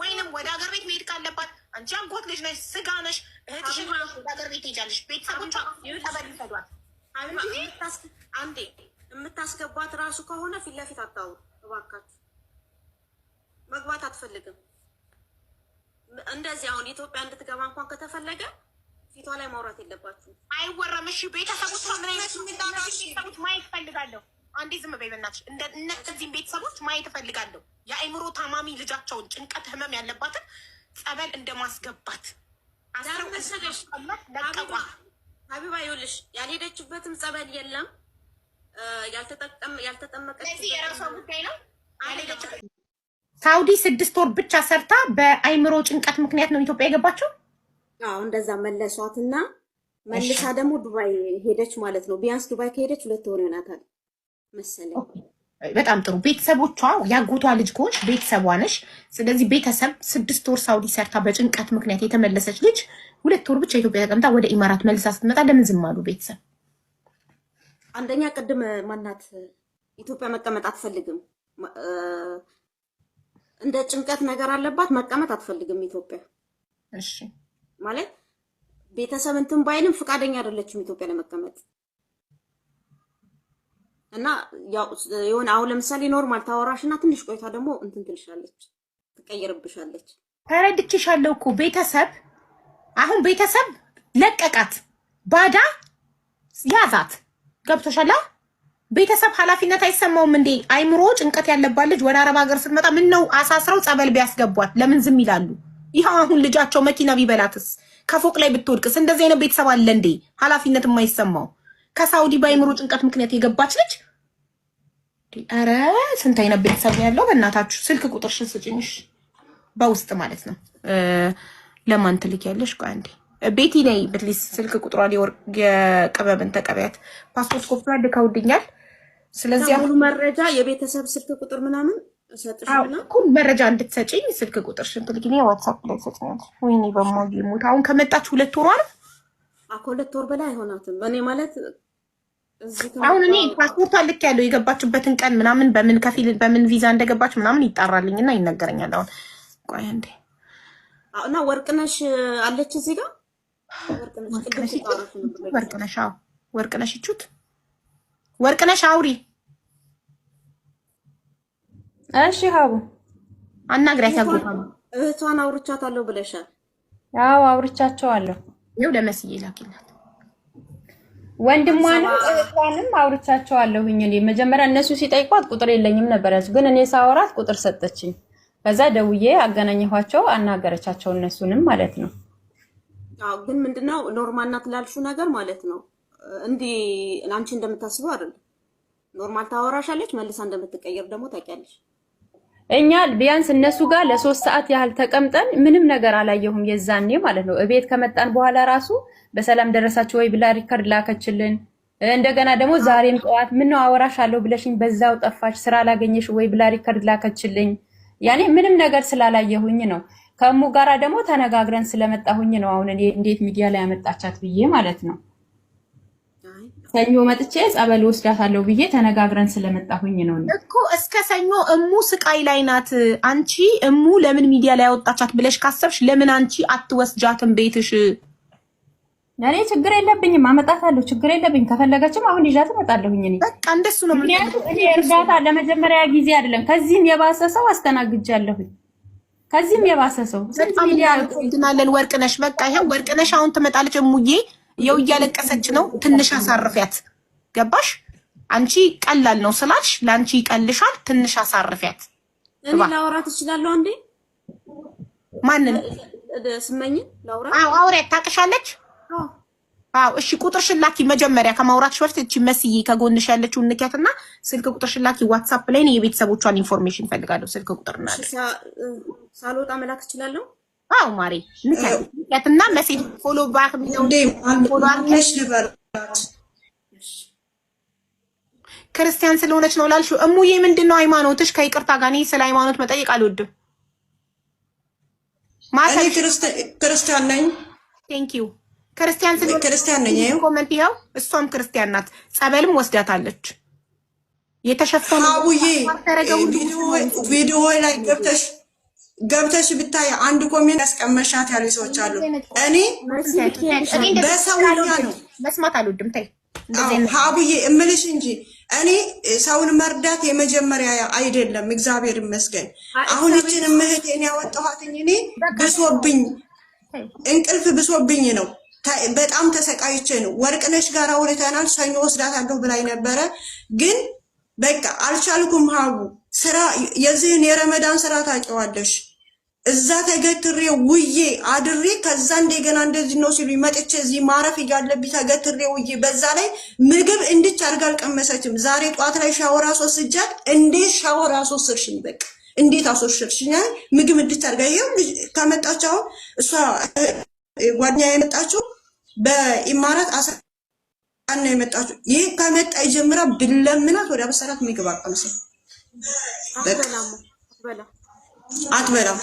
ወይንም ወደ ሀገር ቤት መሄድ ካለባት አንቺ አጎት ልጅ ነሽ፣ ስጋ ነሽ፣ እህትሽን ወደ ሀገር ቤት ትሄጃለሽ። ቤተሰቦቿ ተበልፈዷል። አንዴ የምታስገባት ራሱ ከሆነ ፊት ለፊት አታውሩ እባካችሁ። መግባት አትፈልግም። እንደዚህ አሁን ኢትዮጵያ እንድትገባ እንኳን ከተፈለገ ፊቷ ላይ ማውራት የለባችሁ። አይወረም። እሺ ቤተሰቦቿ ምን አይነት አንዴ ዝም በይ በእናትሽ። እነዚህም ቤተሰቦች ማየት እፈልጋለሁ። የአእምሮ ታማሚ ልጃቸውን ጭንቀት፣ ህመም ያለባትን ጸበል እንደማስገባት አቢባ ይኸውልሽ፣ ያልሄደችበትም ጸበል የለም ያልተጠመቀች የራሷ ጉዳይ ነው። ሳውዲ ስድስት ወር ብቻ ሰርታ በአእምሮ ጭንቀት ምክንያት ነው ኢትዮጵያ የገባቸው። አዎ እንደዛ መለሷትና መልሳ ደግሞ ዱባይ ሄደች ማለት ነው። ቢያንስ ዱባይ ከሄደች ሁለት ወር ይሆናታል። መሰለኝ። በጣም ጥሩ ቤተሰቦቿ ያጎቷ ልጅ ከሆንሽ ቤተሰቧ ነሽ። ስለዚህ ቤተሰብ ስድስት ወር ሳውዲ ሰርታ በጭንቀት ምክንያት የተመለሰች ልጅ ሁለት ወር ብቻ ኢትዮጵያ ተቀምጣ ወደ ኢማራት መልሳ ስትመጣ ለምን ዝም አሉ ቤተሰብ? አንደኛ ቅድም ማናት ኢትዮጵያ መቀመጥ አትፈልግም፣ እንደ ጭንቀት ነገር አለባት፣ መቀመጥ አትፈልግም ኢትዮጵያ። እሺ ማለት ቤተሰብ እንትን ባይልም ፍቃደኛ አይደለችም ኢትዮጵያ ለመቀመጥ እና የሆነ አሁን ለምሳሌ ኖርማል ታወራሽ እና ትንሽ ቆይታ ደግሞ እንትን ትልሻለች፣ ትቀይርብሻለች። ተረድቼሻለሁ እኮ ቤተሰብ አሁን ቤተሰብ ለቀቃት፣ ባዳ ያዛት። ገብቶሻላ? ቤተሰብ ኃላፊነት አይሰማውም እንዴ? አይምሮ ጭንቀት ያለባት ልጅ ወደ አረብ ሀገር ስትመጣ ምን ነው አሳስረው ጸበል ቢያስገቧት ለምን ዝም ይላሉ? ይኸው አሁን ልጃቸው መኪና ቢበላትስ፣ ከፎቅ ላይ ብትወድቅስ? እንደዚህ አይነት ቤተሰብ አለ እንዴ ኃላፊነት የማይሰማው? ከሳውዲ በአይምሮ ጭንቀት ምክንያት የገባች ልጅ ኧረ ስንት አይነት ቤተሰብ ያለው በእናታችሁ ስልክ ቁጥርሽን ስጭኝሽ በውስጥ ማለት ነው ለማን ትልክ ያለሽ ቆይ አንዴ ቤቲ ነይ ብትሊስ ስልክ ቁጥሯን የቅመምን ተቀበያት ፓስፖርት ኮፍቷ ልከውልኛል ስለዚህ ሙሉ መረጃ የቤተሰብ ስልክ ቁጥር ምናምን እሰጥሽኩ መረጃ እንድትሰጪኝ ስልክ ቁጥርሽን ትልጊ ዋትሳፕ ላይ ሰጭኛል ወይኔ በማ ሞት አሁን ከመጣች ሁለት ወሯ ነው አኮ ወር በላይ አይሆናትም። እኔ ማለት አሁን እኔ ፓስፖርት አልክ ያለው የገባችበትን ቀን ምናምን በምን ከፊል በምን ቪዛ እንደገባች ምናምን ይጣራልኝ እና ይነገረኛል። አሁን ቆይ እንዴ እና ወርቅነሽ አለች እዚህ ጋር ወርቅነሽ አዎ፣ ወርቅነሽ ይቹት ወርቅነሽ አውሪ። እሺ ሀቡ አናግሪያት። ያጎታሉ እህቷን አውርቻታለሁ ብለሻል? አዎ አውርቻቸዋለሁ። ይኸው ለመስዬ ላኪላት። ወንድሟንም እህቷንም አውርቻቸዋለሁኝ። እኔ መጀመሪያ እነሱ ሲጠይቋት ቁጥር የለኝም ነበረች፣ ግን እኔ ሳወራት ቁጥር ሰጠችኝ። ከዛ ደውዬ አገናኘኋቸው፣ አናገረቻቸው እነሱንም ማለት ነው። አዎ፣ ግን ምንድነው ኖርማል ናት ላልሽው ነገር ማለት ነው። እንዲህ አንቺ እንደምታስበው አይደለም። ኖርማል ታወራሻለች፣ መልሳ እንደምትቀየር ደግሞ ታውቂያለሽ። እኛ ቢያንስ እነሱ ጋር ለሶስት ሰዓት ያህል ተቀምጠን ምንም ነገር አላየሁም። የዛኔ ማለት ነው እቤት ከመጣን በኋላ ራሱ በሰላም ደረሳችሁ ወይ ብላ ሪከርድ ላከችልን። እንደገና ደግሞ ዛሬም ጠዋት አወራሽ አለው ብለሽኝ በዛው ጠፋሽ፣ ስራ ላገኘሽ ወይ ብላ ሪከርድ ላከችልኝ። ያኔ ምንም ነገር ስላላየሁኝ ነው። ከሙ ጋራ ደግሞ ተነጋግረን ስለመጣሁኝ ነው አሁን እንዴት ሚዲያ ላይ ያመጣቻት ብዬ ማለት ነው። ሰኞ መጥቼ ጸበል ወስዳታለሁ ብዬ ተነጋግረን ስለመጣሁኝ ነው እኮ። እስከ ሰኞ እሙ ስቃይ ላይ ናት። አንቺ እሙ ለምን ሚዲያ ላይ ያወጣቻት ብለሽ ካሰብሽ ለምን አንቺ አትወስጃትም ቤትሽ? እኔ ችግር የለብኝም፣ አመጣታለሁ። ችግር የለብኝ። ከፈለገችም አሁን ይዣት እመጣለሁኝ። እኔ በቃ እንደሱ ነው። ምክንያቱም እኔ እርዳታ ለመጀመሪያ ጊዜ አይደለም። ከዚህም የባሰ ሰው አስተናግጃለሁኝ። ከዚህም የባሰ ሰው ሚዲያ እናመሰግናለን ወርቅነሽ። በቃ ይኸው ወርቅነሽ አሁን ትመጣለች እሙዬ የው እያለቀሰች ነው። ትንሽ አሳርፊያት። ገባሽ? አንቺ ቀላል ነው ስላልሽ ለአንቺ ይቀልሻል። ትንሽ አሳርፊያት። እኔ ላውራት እችላለሁ አንዴ። ማንን ስመኝ? ላውራት? አዎ አውሪያት። ታውቅሻለች? አዎ እሺ፣ ቁጥርሽን ላኪ። መጀመሪያ ከማውራትሽ በፊት እቺ መስዬ ከጎንሽ ያለችው ንኪያትና ስልክ ቁጥርሽን ላኪ። ዋትሳፕ ላይ የቤተሰቦቿን ኢንፎርሜሽን ፈልጋለሁ። ስልክ ቁጥር እና ሳልወጣ መላክ እችላለሁ አዎ ማሬ ልቀትና መሴጅ ፎሎ ባክ የሚለው ክርስቲያን ስለሆነች ነው ላልሽ እሙዬ፣ ምንድነው ሃይማኖትሽ? ከይቅርታ ጋር እኔ ስለ ሃይማኖት መጠየቅ አልወድም። ማለት ክርስቲያን ነኝ። ቴንክ ዩ ክርስቲያን ስለሆነች ክርስቲያን ነኝ። ኮመንት ያው እሷም ክርስቲያን ናት። ጸበልም ወስዳታለች። የተሸፈኑ አቡዬ ቪዲዮ ላይ ገብተሽ ገብተሽ ብታይ አንድ ኮሜንት ያስቀመሻት ያሉ ሰዎች አሉ። እኔ በሰውኛ ነው መስማት አልወድም። ተይ ሀቡዬ እምልሽ እንጂ እኔ ሰውን መርዳት የመጀመሪያ አይደለም። እግዚአብሔር ይመስገን። አሁን ይችን እኔ ያወጣኋትኝ እኔ ብሶብኝ እንቅልፍ ብሶብኝ ነው። በጣም ተሰቃይቼ ነው። ወርቅነሽ ጋር አውርተናል። ሰኞ ወስዳታለሁ ብላኝ ነበረ፣ ግን በቃ አልቻልኩም። ሀቡ ስራ የዚህን የረመዳን ስራ ታውቂዋለሽ እዛ ተገትሬ ውዬ አድሬ ከዛ እንደገና እንደዚህ ነው ሲሉ መጥቼ እዚህ ማረፍ እያለብኝ ተገትሬ ውዬ፣ በዛ ላይ ምግብ እንድች አድርጋ አልቀመሰችም። ዛሬ ጠዋት ላይ ሻወር አስወስጃት፣ እንዴት ሻወር አስወስድሽኝ? በቃ እንዴት አስወስድሽኝ? ምግብ እንድች አድርጋ ይሄው ከመጣች አሁን እሷ ጓደኛ የመጣችው በኢማራት አሳ ነው የመጣችው። ይህ ከመጣ ጀምራ ብለምናት ወደ አበሰራት ምግብ አቀምሰ አትበላም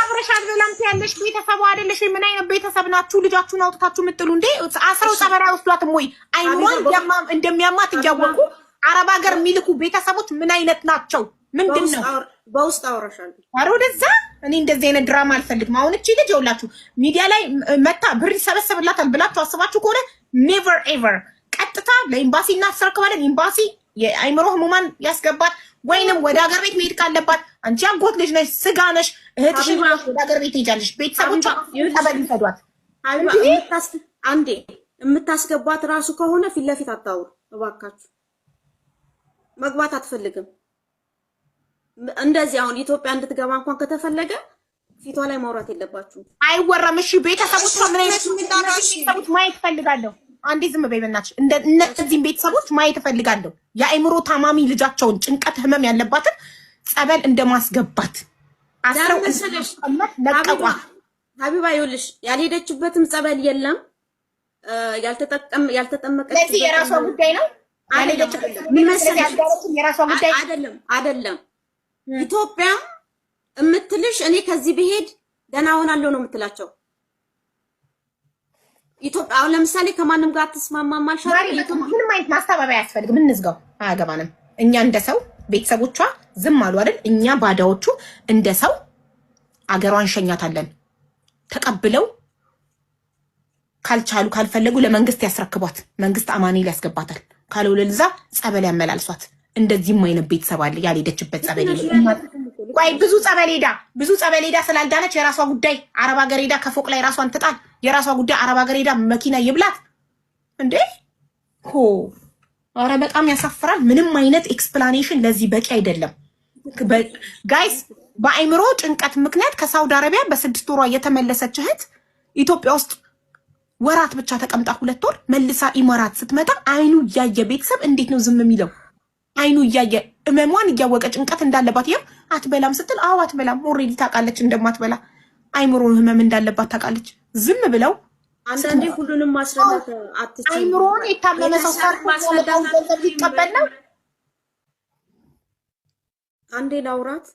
አብረሽ አልበላም ትያለሽ። ቤተሰቡ አይደለሽ? ምን አይነት ቤተሰብ ናችሁ? ልጃችሁን አውጥታችሁ የምጥሉ እንዴ? አስረው ጸበራ ወስዷትም ወይ አይኗን እንደሚያማት እያወቁ አረብ ሀገር የሚልኩ ቤተሰቦች ምን አይነት ናቸው? ምንድን ነው በውስጥ አውራሻለሁ። ኧረ ወደዛ እኔ እንደዚህ አይነት ድራማ አልፈልግም። አሁን እቺ ልጅ ይኸውላችሁ ሚዲያ ላይ መታ ብር ይሰበሰብላታል ብላችሁ አስባችሁ ከሆነ ኔቨር ኤቨር ቀጥታ ለኤምባሲ እናስረክባለን። ኤምባሲ የአይምሮ ህሙማን ያስገባል። ወይንም ወደ ሀገር ቤት መሄድ ካለባት አንቺ አጎት ልጅ ነሽ፣ ስጋ ነሽ፣ እህትሽ ወደ ሀገር ቤት ትሄጃለሽ። ቤተሰቦቿ ጠበል ይሰዷት። አንዴ የምታስገባት ራሱ ከሆነ ፊት ለፊት አታውሩ እባካችሁ። መግባት አትፈልግም። እንደዚህ አሁን ኢትዮጵያ እንድትገባ እንኳን ከተፈለገ ፊቷ ላይ ማውራት የለባችሁ። አይወራም። እሺ ቤተሰቦች ምን አይነት ቤተሰቦች ማየት እፈልጋለሁ። አንዴ ዝም በይ በእናትሽ። እነዚህም ቤተሰቦች ማየት እፈልጋለሁ። የአእምሮ ታማሚ ልጃቸውን ጭንቀት፣ ህመም ያለባትን ጸበል እንደማስገባት አስረው ለቀቋ። ሀቢባ ይኸውልሽ ያልሄደችበትም ጸበል የለም ያልተጠቀም ያልተጠመቀች ስለዚህ የራሷ ጉዳይ ነው። ምን መሰለሽ አይደለም አይደለም ኢትዮጵያም እምትልሽ እኔ ከዚህ ብሄድ ደህና ሆናለሁ ነው የምትላቸው። ኢትዮጵያ አሁን ለምሳሌ ከማንም ጋር አትስማማም አልሻለሁ። ምንም አይነት ማስተባበያ አያስፈልግም። እንዝጋው፣ አያገባንም። እኛ እንደ ሰው ቤተሰቦቿ ዝም አሉ አይደል? እኛ ባዳዎቹ እንደ ሰው አገሯን እንሸኛታለን። ተቀብለው ካልቻሉ ካልፈለጉ ለመንግስት ያስረክቧት። መንግስት አማኔ ሊያስገባታል። ካልሆነ ለዛ ጸበል ያመላልሷት። እንደዚህም አይነት ቤተሰብ አለ ያልሄደችበት ጸበል ወይ ብዙ ጸበል ሄዳ ብዙ ጸበል ሄዳ ስላልዳነች የራሷ ጉዳይ አረብ ሀገር ሄዳ ከፎቅ ላይ ራሷን ትጣል። የራሷ ጉዳይ አረብ ሀገር ሄዳ መኪና ይብላት እንዴ? ሆ አረ በጣም ያሳፍራል። ምንም አይነት ኤክስፕላኔሽን ለዚህ በቂ አይደለም ጋይስ። በአይምሮ ጭንቀት ምክንያት ከሳውዲ አረቢያ በስድስት ወሯ የተመለሰች እህት ኢትዮጵያ ውስጥ ወራት ብቻ ተቀምጣ ሁለት ወር መልሳ ኢማራት ስትመጣ አይኑ እያየ ቤተሰብ እንዴት ነው ዝም የሚለው? አይኑ እያየ እመሟን እያወቀ ጭንቀት እንዳለባት ይም አትበላም ስትል አዎ አትበላም፣ ኦልሬዲ ታውቃለች እንደማትበላ። አይምሮ ህመም እንዳለባት ታውቃለች። ዝም ብለው አንዳንዴ ሁሉንም ማስረዳት አትችልም። አይምሮን የታመመ ሰው ገንዘብ ሊቀበል ነው። አንዴ ላውራት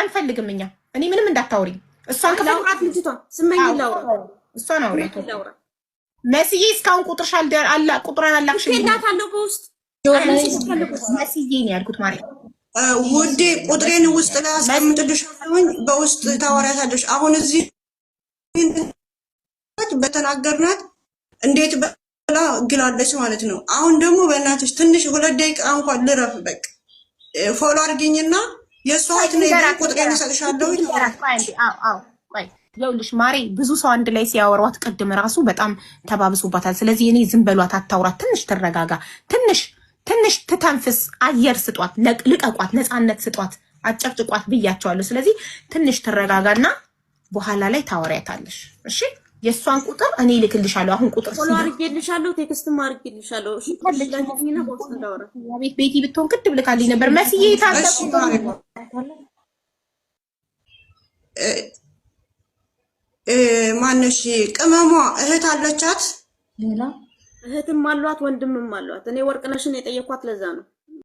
አንፈልግም እኛ እኔ ምንም እንዳታውሪ እሷን ከፈራት ልጅቷ ስመኝ ላውራት እሷን አውሪ መስዬ እስካሁን ቁጥርሽ አላ ቁጥሯን አላክሽ አለው በውስጥ ውዴ ቁጥሬን ውስጥ ላይ አስቀምጥልሻለሁኝ። በውስጥ ታወሪያታለሽ። አሁን እዚህ በተናገርናት እንዴት ብላ ግላለች ማለት ነው። አሁን ደግሞ በእናትሽ ትንሽ ሁለት ደቂቃ እንኳን ልረፍ። በቃ ፎሎ አድርጊኝና የእሷት ነ ቁጥሬን እሰጥሻለሁኝ። ይኸውልሽ ማሬ ብዙ ሰው አንድ ላይ ሲያወሯት ቅድም ራሱ በጣም ተባብሶባታል። ስለዚህ እኔ ዝም በሏት፣ አታውራት፣ ትንሽ ትረጋጋ፣ ትንሽ ትንሽ ትተንፍስ፣ አየር ስጧት፣ ልቀቋት፣ ነፃነት ስጧት፣ አጨቅጭቋት ብያቸዋለሁ። ስለዚህ ትንሽ ትረጋጋና በኋላ ላይ ታወሪያታለሽ። እሺ የእሷን ቁጥር እኔ ይልክልሻለሁ። አሁን ቁጥር አድርጌልሻለሁ፣ ቴክስትም አድርጌልሻለሁ። ቤት ቤቲ ብትሆን ቅድም ልካልኝ ነበር። መስዬ ታለ ማነሽ ቅመሟ እህት አለቻት ሌላ እህትም አሏት ወንድምም አሏት። እኔ ወርቅነሽን የጠየኳት ለዛ ነው።